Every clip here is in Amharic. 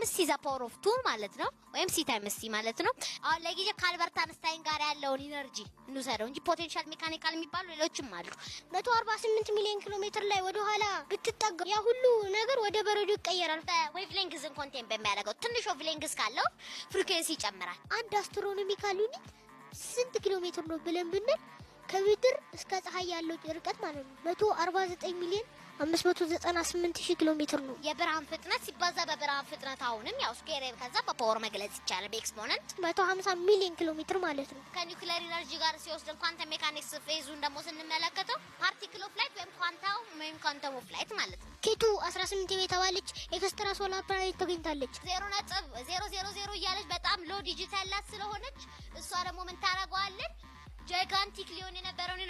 ታይምስ ሲ ዘ ፓወር ኦፍ ቱ ማለት ነው፣ ወይም ሲ ታይምስ ሲ ማለት ነው። አሁን ለጊዜ ከአልበርት አንስታይን ጋር ያለውን ኢነርጂ እንውሰደው እንጂ ፖቴንሻል ሜካኒካል የሚባሉ ሌሎችም አሉ። 148 ሚሊዮን ኪሎ ሜትር ላይ ወደ ኋላ ብትጠጋ ያ ሁሉ ነገር ወደ በረዶ ይቀየራል። ዌቭ ሌንግዝን ኮንቴን በሚያደርገው ትንሽ ዌቭ ሌንግዝ ካለው ፍሪኩዌንሲ ይጨምራል። አንድ አስትሮኖሚካል ዩኒት ስንት ኪሎ ሜትር ነው ብለን ብንል ከምድር እስከ ፀሐይ ያለው ርቀት ማለት ነው 149 ሚሊዮን አምስት መቶ ኪሎ ሜትር ነው። የብርሃን ፍጥነት ሲባዛ በብርሃን ፍጥነት አሁንም ያው ስኩዌር ከዛ በፓወር መግለጽ ይቻላል። በኤክስፖነንት 150 ሚሊዮን ኪሎ ሜትር ማለት ነው። ከኒውክሌር ኢነርጂ ጋር ሲወስድ ኳንተም ሜካኒክስ ፌዙን ደግሞ ስንመለከተው ፓርቲክል ኦፍ ላይት ወይም ኳንታው ወይም ኳንተም ኦፍ ላይት ማለት ነው። ኬቱ 18 የተባለች ኤክስትራ ሶላር ፕላኔት ተገኝታለች። 0 ነጥብ 000 እያለች በጣም ሎ ዲጂታል ላት ስለሆነች እሷ ደግሞ ምን ታደርገዋለች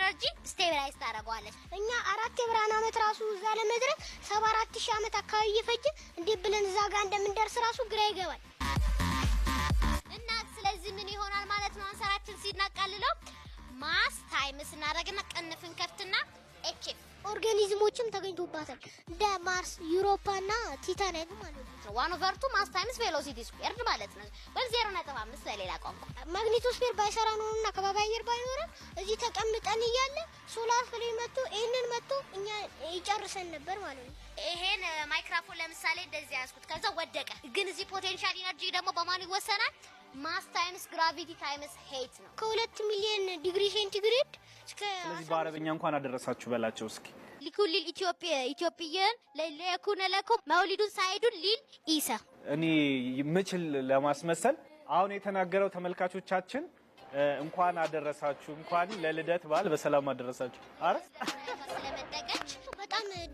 ረጅም ስቴብላይዝ ታደርገዋለች። እኛ አራት የብርሃን አመት ራሱ እዛ ለመድረስ ሰባ አራት ሺህ አመት አካባቢ እየፈጀ እንዴት ብለን እዛ ጋር እንደምንደርስ ራሱ ግራ ይገባል። እና ስለዚህ ምን ይሆናል ማለት ነው አንሰራችን ሲናቃልለው ማስ ታይም ስናደርግና ቀንፍን ከፍትና ኤችፍ ኦርጋኒዝሞችም ተገኝቶባታል እንደ ማርስ፣ ዩሮፓ ና ቲታናይት ማለት ነው። ዋን ኦቨር ቱ ማስ ታይምስ ቬሎሲቲ ስኩዌርድ ማለት ነው። ወይም ዜሮ ነጥብ አምስት በሌላ ቋንቋ ማግኔቶስፌር ባይሰራ ነው እና ከባቢ አየር ባይኖረም እዚህ ተቀምጠን እያለ ሶላር ፍሬ መጥቶ ይህንን መጥቶ እኛ ይጨርሰን ነበር ማለት ነው። ይሄን ማይክራፎን ለምሳሌ እንደዚህ ያስኩት ከዛ ወደቀ። ግን እዚህ ፖቴንሻል ኢነርጂ ደግሞ በማን ይወሰናል? ማስ ታይምስ ግራቪቲ ታይምስ ሄት ነው። ከሁለት ሚሊዮን ዲግሪ ሴንቲግሬድ እስከ ስለዚህ እንኳን አደረሳችሁ በላቸው እስኪ ሊኩሊል ኢትዮጵያ ኢትዮጵያን ለየኩነ ለኩም መውሊዱን ሳይዱን ሊል ኢሳ እኔ ምችል ለማስመሰል አሁን የተናገረው ተመልካቾቻችን እንኳን አደረሳችሁ፣ እንኳን ለልደት በዓል በሰላም አደረሳችሁ። አረ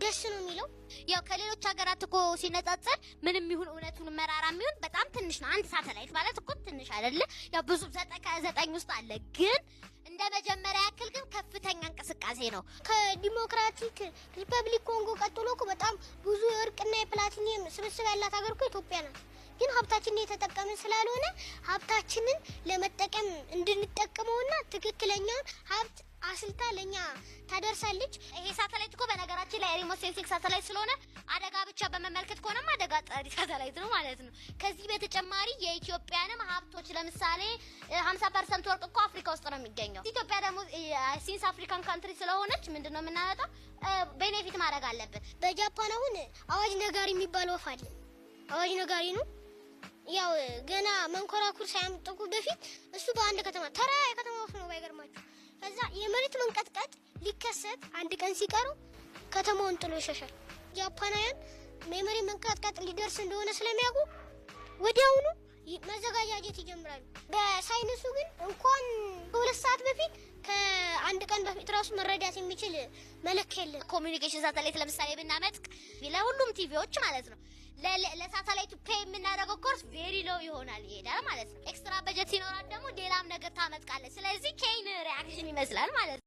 ደስ ነው የሚለው። ያው ከሌሎች ሀገራት እኮ ሲነጻጸር ምንም ይሁን እውነቱን መራራ የሚሆን በጣም ትንሽ ነው። አንድ ሳተላይት ማለት እኮ ትንሽ አይደለ? ያው ብዙ ዘጠኝ ውስጥ አለ ግን እንደ መጀመሪያ እንቅስቃሴ ነው። ከዲሞክራቲክ ሪፐብሊክ ኮንጎ ቀጥሎ እኮ በጣም ብዙ የወርቅና የፕላቲኒየም ስብስብ ያላት ሀገር እኮ ኢትዮጵያ ናት። ግን ሀብታችንን የተጠቀምን ስላልሆነ ሀብታችንን ለመጠቀም እንድንጠቀመውና ትክክለኛውን ሀብት አስልታ ለእኛ ታደርሳለች። ይሄ ሳተላይት እኮ በነገራችን ላይ ሪሞት ሴንሲንግ ሳተላይት ስለሆነ ብቻ በመመልከት ከሆነም አደጋ ጣሪ ሳተላይት ነው ማለት ነው። ከዚህ በተጨማሪ የኢትዮጵያንም ሀብቶች ለምሳሌ 50% ወርቅ እኮ አፍሪካ ውስጥ ነው የሚገኘው። ኢትዮጵያ ደግሞ ሲንስ አፍሪካን ካንትሪ ስለሆነች ምንድነው የምናመጣው ቤኔፊት ማድረግ አለብን። በጃፓን አሁን አዋጅ ነጋሪ የሚባል ወፍ አለ። አዋጅ ነጋሪ ነው ያው ገና መንኮራኩር ሳያምጥቁ በፊት እሱ በአንድ ከተማ ተራ የከተማ ወፍ ነው ባይገርማችሁ። ከዛ የመሬት መንቀጥቀጥ ሊከሰት አንድ ቀን ሲቀሩ ከተማውን ጥሎ ይሸሻል። ጃፓናውያን ሜሞሪ መንቀጥቀጥ ሊደርስ እንደሆነ ስለሚያውቁ ወዲያውኑ መዘጋጃጀት ይጀምራሉ። በሳይንሱ ግን እንኳን ከሁለት ሰዓት በፊት ከአንድ ቀን በፊት ራሱ መረዳት የሚችል መለክ የለ። ኮሚኒኬሽን ሳተላይት ለምሳሌ ብናመጥቅ ለሁሉም ቲቪዎች ማለት ነው ለሳተላይቱ ፔ የምናደርገው ኮርስ ቬሪ ሎው ይሆናል፣ ይሄዳል ማለት ነው። ኤክስትራ በጀት ሲኖራል ደግሞ ሌላም ነገር ታመጥቃለች። ስለዚህ ኬይን ሪያክሽን ይመስላል ማለት ነው።